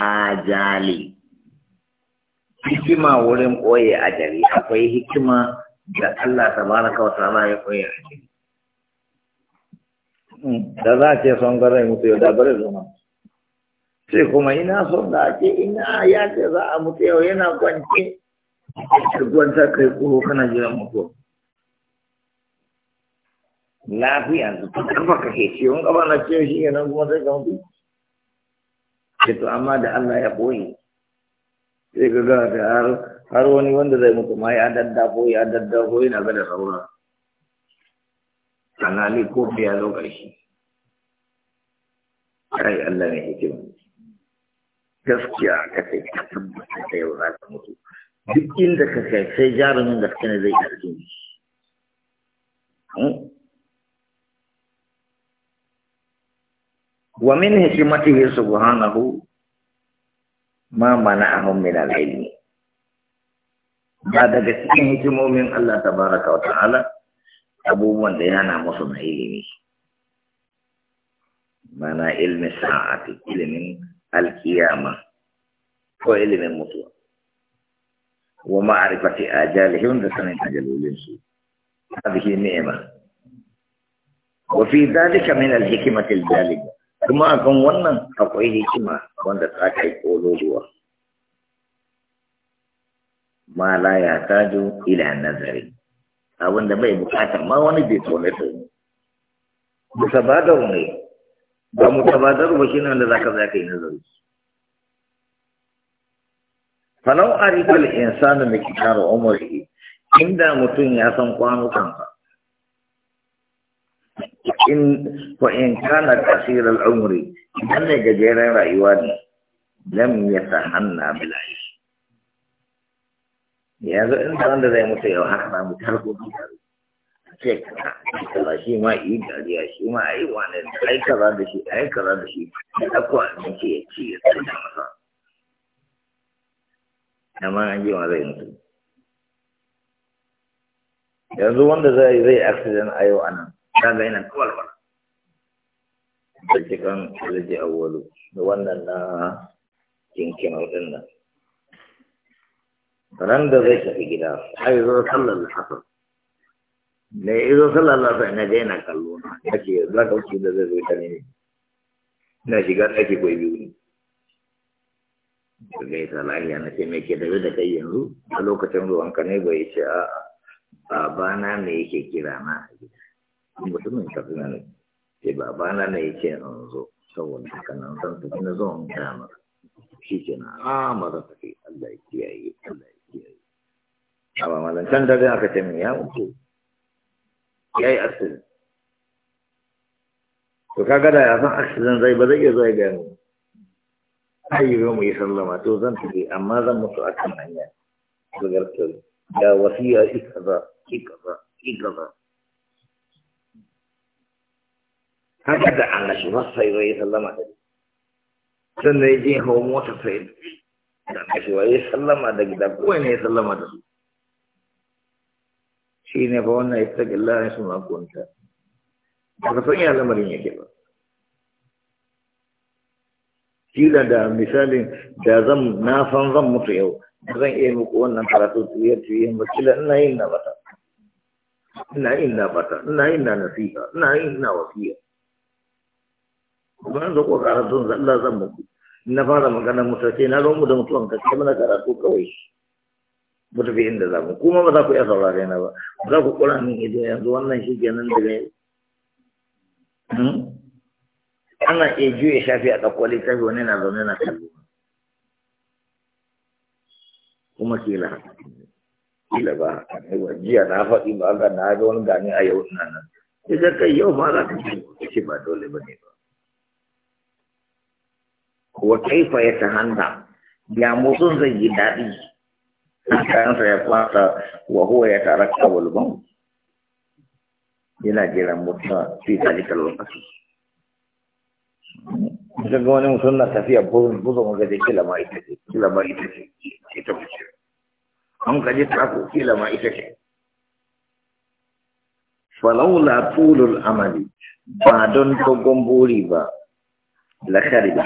ajali hikima wurin ɓoye ajali akwai hikima da Allah tabaraka wa ta'ala ya ɓoye ajali hmm, da za a ce son garai mutu yau da bare zuma sai kuma ina son da ake ina ya ce za a mutu yau yana kwanci kwanta kai kuro kana jiran mutuwa lafiya su ta kafa ka ke ciwon gaba na ce shi yana kuma sai ka mutu to amma da Allah ya boye sai ga ga har har wani wanda zai mutu ma ya daddafo ya daddafo yana ga da saura kanali ko ya zo ƙarshe ai Allah ne hikima gaskiya ka sai ka tabbata da yau ka mutu duk inda ka kai sai jarumin gaske ne zai ƙarfi hmm? wa min hikimatihi subhanahu ما منعهم من العلم بعد كثير هجموا من الله تبارك وتعالى أبو من دينانا مصنع علمي معنى علم الساعة علم القيامة وعلم علم المطوع وما عرفة آجالهم رسنة أجل الإنسو هذه نعمة وفي ذلك من الحكمة الجالبة kuma akan wannan akwai hikima wanda ta kai kololuwa ma la ya taju ila nazari abin da bai bukatar ma wani bai tone ta mutabadar ne ba wani ba ne wanda zaka zaka yi nazari falau arifal insanu miqdaru umri inda mutum ya san kwanukansa in wa in kana kasir al-umri idan ne gajeren rayuwa ne lam yatahanna bil aish yanzu in da wanda zai mutu yau haka ba ko tarko ce kaza shi ma yi dariya shi ma yi wani ai kaza da shi ai kaza da shi ya ɗauko abinci ya ci ya tsaya masa amma an ji ma zai mutu yanzu wanda zai zai accident a yau anan kaga yana kawal wala da cikin alaji awwalu da wannan na jinkin hudun nan ran da zai tafi gida ai zo sallar asar ne izo sallar asar na ga yana kallo na ake za ka wuce da zai zo ta ne na shiga ɗaki ko biyu ne da gaisa lahiya na ce mai ke da da kai yanzu a lokacin ruwanka ne bai ce a babana me yake kira na a gida mutumin katsina ne sai eh, babana na na ce in zo saboda haka nan zan tafi na zo in shi ke na a ah, maza tafi Allah ya kiyaye Allah ya kiyaye a malam malantan da zai aka ce ya mutu ya yi accident to kaga da ya san asirin zai ba zai iya zo ya ni ai ayyuka mu yi sallama to zan tafi amma zan mutu a kan hanya zugartar ya wasiya ikaza ikaza ikaza haka da annashi wasa yi zai sallama da sannan ya je hau mota sai da annashi wa yi sallama da gida kowai ne sallama da su shi ne fa wannan ita gilla ne su makonta ba ka san ya lamarin yake ba kila da misalin da zan na san zan mutu yau zan iya muku wannan karatu tuye-tuye ba kila ina yin na bata ina yin na bata ina yin na nasiha ina yin na wasiya ban da ko karatun zalla zan muku na fara magana mutace na zo mu da mutuwan ka kai mana karatu kawai mu tafi inda za mu kuma ba za ku iya saurare na ba za ku kula min ido yanzu wannan shi kenan daga hmm? ana iya juya shafi a ɗauko littafi wani na zaune na kallo kuma kila kila ba haka ne ba jiya na faɗi ba ga na ga wani gani a yau ina nan idan kai yau ma za ka ce ba dole ba ne ba wa kaifa ya tahanna ya mutum zai yi daɗi kansa ya fata wa huwa ya tara kawul ban yana jiran mutum fi zalika lokaci Mutum ga wani mutum na tafiya buzo buzun ga je kila ma ita ce kila ma ita ce ita ce an ka je kila ma ita ce falaula tulul amali ba don dogon buri ba lakari da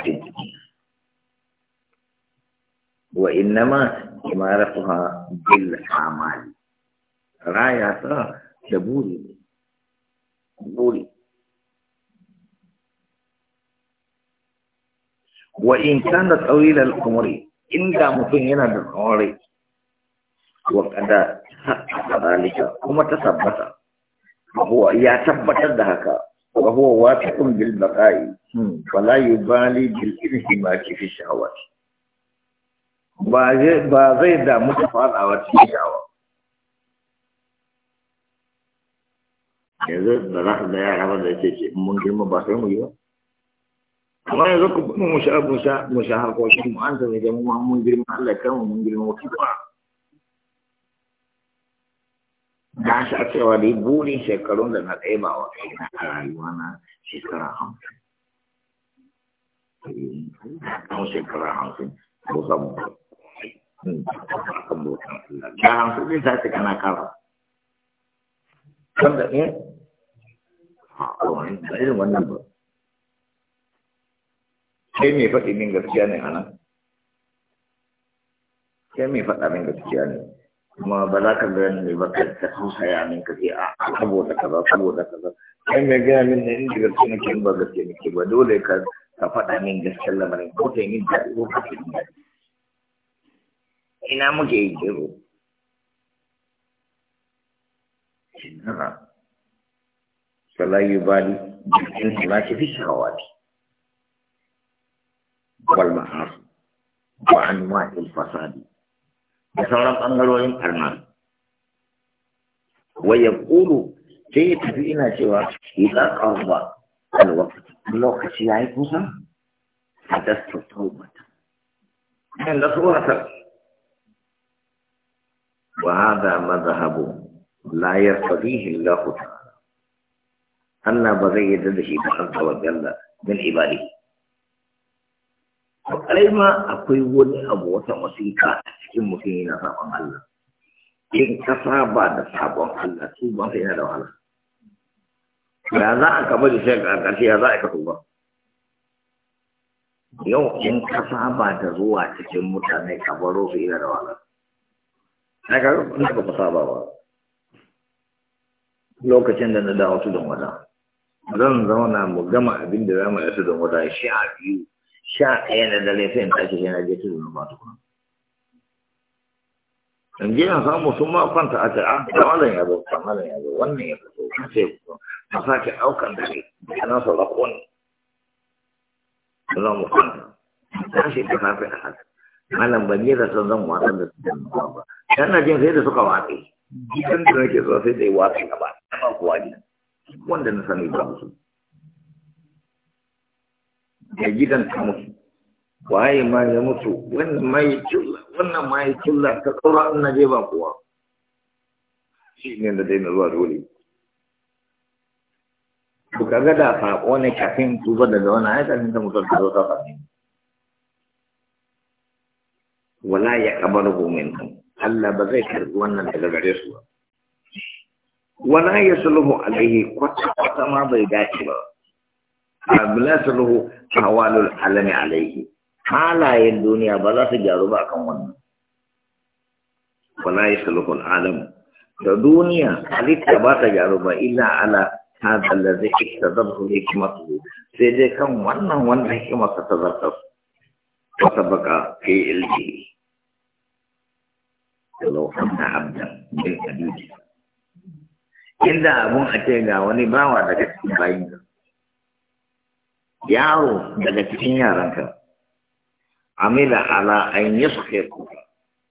وإنما إمارتها بالأعمال راية تبوري بوري وإن كان طويل الأمر إن كان مفهنا بالعمر وقد حقق ذلك وما تثبت وهو يثبت ذلك وهو واثق بالبقاء ولا يبالي بالانهماك في الشهوات ba zai damu da faɗawa cikin shawa yanzu da za ka ga yara da yake ce mun girma ba sai mu yi ba amma yanzu ku bin mu sha mu sha mu sha harkokin mu an zama idan mu mun girma Allah kan mun girma wata ba na sha cewa dai burin shekarun da na tsaye ba wa kaina a rayuwa na shekara hamsin. Kan shekara hamsin, ko samu kebutuhan Allah. Dalam sini saya tekan akal. Contohnya, Allah itu mana bu? Kami fat ini kerjaan yang anak. Kami fat ini kerjaan. Cuma bala kerjaan di bakat saya ini kerja. Abu tak kata, abu tak kata. Kami megang ini ini kerjaan yang bagus ini. Kita dulu dekat. Kapan ini kerjaan lama ini. Kau ini jadi bukan ini. ina muke yi ba salayu bali jikin lati fi shawati wal ma'as wa anwa'il fasadi da sauran bangarorin karnar wa Kulu sai ya tafi ina cewa idan qawwa alwaqt lokaci yi kusa A hadastu tawbata kan da tsoratar وهذا مذهب لا يرتضيه الله تعالى الله بغي يدده عز وجل من عباده Alai ma akwai wani abu wata wasiƙa a cikin mutum yana sabon Allah. In ka saba da sabon Allah su ba sai yana da wahala. a a Yau in kasa ba da zuwa cikin mutane ka baro su da wahala. na kaga ba saba ba lokacin da na dawo tudun wata zan zauna mu gama abin da za mu yi tudun wata a biyu sha ɗaya na dare sai in tashi sai na je tudun wata kuma in ji na samu sun ma kwanta a ta'a ah, da malam ya zo da malam ya zo wannan ya fito ka ce a sake ɗaukan dare da na saurako ne za mu kwanta tashi da safe a haka malam ban yi zaton zan wasa da su jan ba na jin sai da suka watsi gidan da nake so sai da ya watsi gaba ba kuwa ne wanda na sani ba su da gidan ta mutu waye ma ya mutu wannan ma ya killa wannan ma ya killa ta tsaura in na je ba kuwa shi ne da na zuwa dole ku kaga da saƙo ne kafin tuba daga wani aikacin ta mutum ta zo ta faɗi wala ya qabalu minhum Allah ba zai karbi wannan daga gare su ba wala sulhu alaihi kwata kwata ma bai dace ba abla sulhu hawalul alami alaihi halayen duniya ba za su gyaru ba akan wannan wala sulhu alam da duniya halitta ba ta gyaru ba illa ala hadha allazi iktadahu hikmatu sai dai kan wannan wanda hikimarsa ta zartar وسبق في علمه لو أن عبدا من أبيه inda abun a ga wani bawa daga cikin bayinka yaro daga cikin yaranka amila ala an yi suke kuka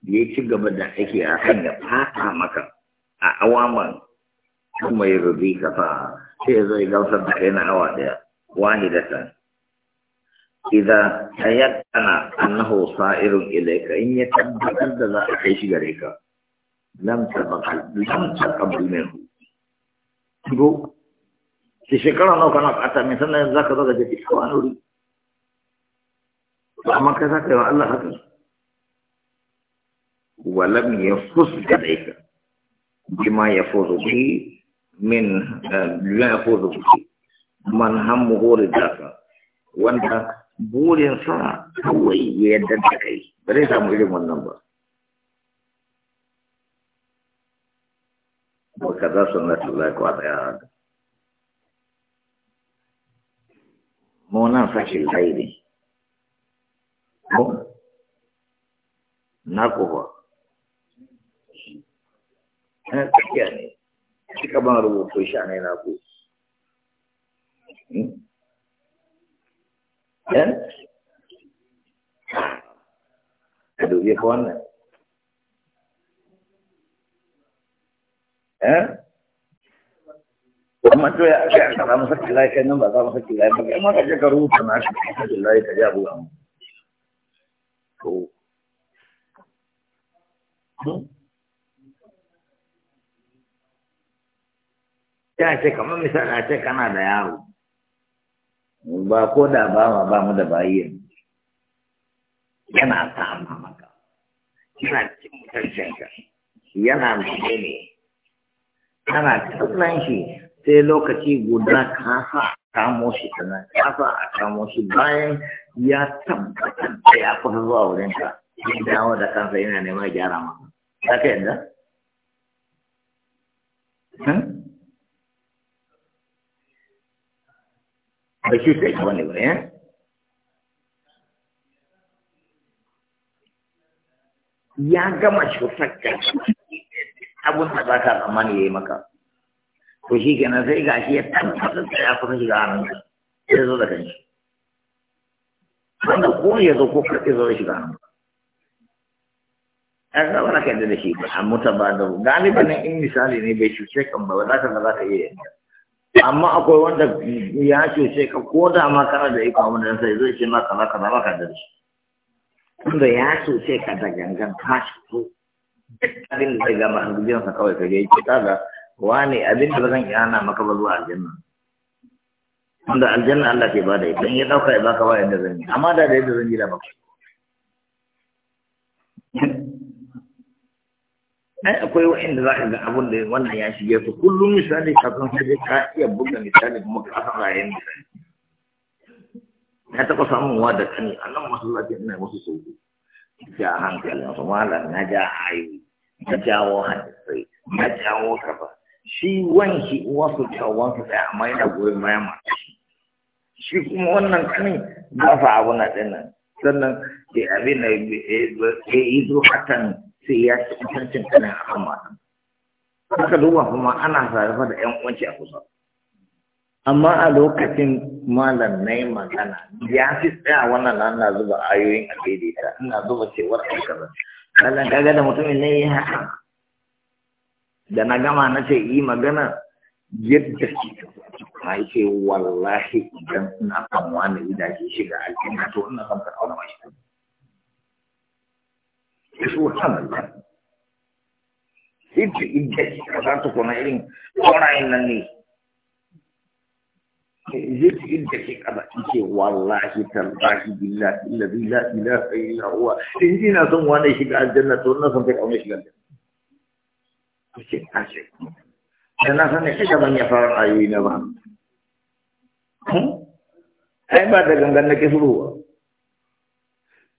ci gaba da ake a kan ya fata maka a awaman kuma ya rubi kafa sai ya ya gamsar da kai awa daya wani da sani إذا تيقن أنه صائر إليك إن يتبقى لا أحيش غريك لم تبقى لم تقبل منه تقول shi shekara nawa kana fata mai sannan za ka zaga jiki a wani wuri amma kai za ka wa Allah haka walam ya fuska da ita bima ya bi man daka wanda burinsa kawai ya yadda da kai ba zai samu irin wannan ba ba ka za su na tula kwa tsaya haɗu munan sashi lairi na kuwa na tafiya ne cika ban rubutu shi a ne na ku Eh? Eh? Ya. Aduh, ya kawan. Ya. eh tu ya kalau aka samu kan, lai kai nan ba samu sakki lai ba amma ka je ka rubuta na hmm? ya saya kamu misalnya saya kan ada yang ba ko da ba ma ba mu da bayi yana sama maka yana cin ka yana mutane ne kana kallon shi sai lokaci guda ka sa kamo shi sannan ka sa a kamo shi bayan ya tabbatar da ya kusa zuwa ka ya dawo da kansa yana neman gyara ma za ka yadda? Hmm? da sai eh? ya gama cutar ka abun da ba ka tsammani ya yi maka to shi kenan sai ga shi ya tabbatar da ya kusa shiga hannun ka sai zo da kanshi wanda ko ya zo ko karɓi zo shiga hannun ka ya zama na kai da shi ba a mutu ba da galibin in misali ne bai cuce kan ba za ka ba za ka iya yanka amma akwai wanda ya cuce ka ko da ma kana da iko amma dan sai zai ce ma kaza kaza ba ka da shi tunda ya cuce ka da gangan ka shi ko abin da zai gama an gudu sa kawai ka ga yake da wani abin da zan zan ana maka ba zuwa aljanna Wanda aljanna Allah ke bada ita in ya dauka ya baka ba yadda zan yi amma da da yadda zan yi da baka ai akwai wa'inda za ka ga abun da wannan ya shige su kullum misali kafin sai ka iya buga misali kuma ka san rayen misali na taɓa samun wa da kani a nan lafiya ina musu sauƙi ja hankalin su malam na ja yi na jawo hadisai na jawo kafa shi wanki wasu kyawansu sai amma yana goyon bayan mata shi kuma wannan kani ba fa abu na ɗin nan sannan ke abin da ya yi zuwa hatan sai ya ci kusancin kanin a haka duba kuma ana sarrafa da yan uwanci a kusa amma a lokacin malam na yi magana ya fi tsaya wannan na na zuba ayoyin a daidaita ina zuba cewar aikata kallon kaga da mutumin ne ya haka da na gama na ce yi magana yadda shi ta ce wallahi idan ina kan wani gida ke shiga alƙin to ina kan karɓar mashi subhanallah Itu ijaz kata tu kena ini orang yang nanti. Itu ijaz kata ijaz wallahi tallahi billahi alladhi la ilaha illa huwa. Ini nak semua ni sih jannah tu nak sampai kau ni sih Asyik asyik. Dan asal ni kita banyak orang ayu ini bang. Hmm? Saya baca genggan nak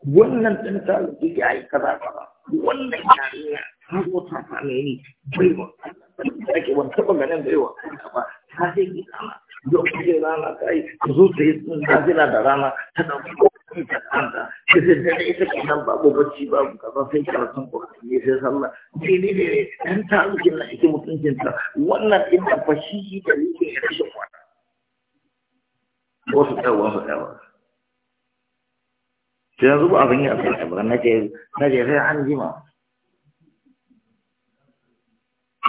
wannan ɗan talibi ya yi kaza kaza wannan yariya ta zo ta same ni baiwa da ke wani taɓa ganin baiwa ba ta sai rana yau ta rana ta yi ta zo ta yi zazina da rana ta ɗauki ta kanta ta sai da ita ke nan babu bacci babu kaza sai karatun ƙwarfi ne sai sallah ne ne ne ɗan talibin na ake ta wannan ɗin ta fashi da yake ya kashe kwana wasu ɗaya, wasu wasu sai yanzu ba abin yi a kan ba na ce sai an jima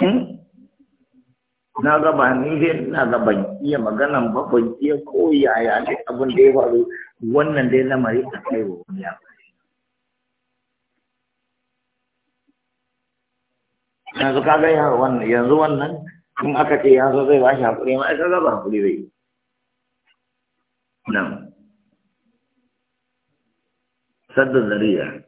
hmm? na gaba ni dai na ga iya maganan ba ban iya ko yaya dai abin da ya faru wannan dai lamari a kai wa wani ya yanzu ka ga ya wannan yanzu wannan in aka ce ya zo zai ba shi hakuri ma aka gaba hakuri zai nan sadda zariya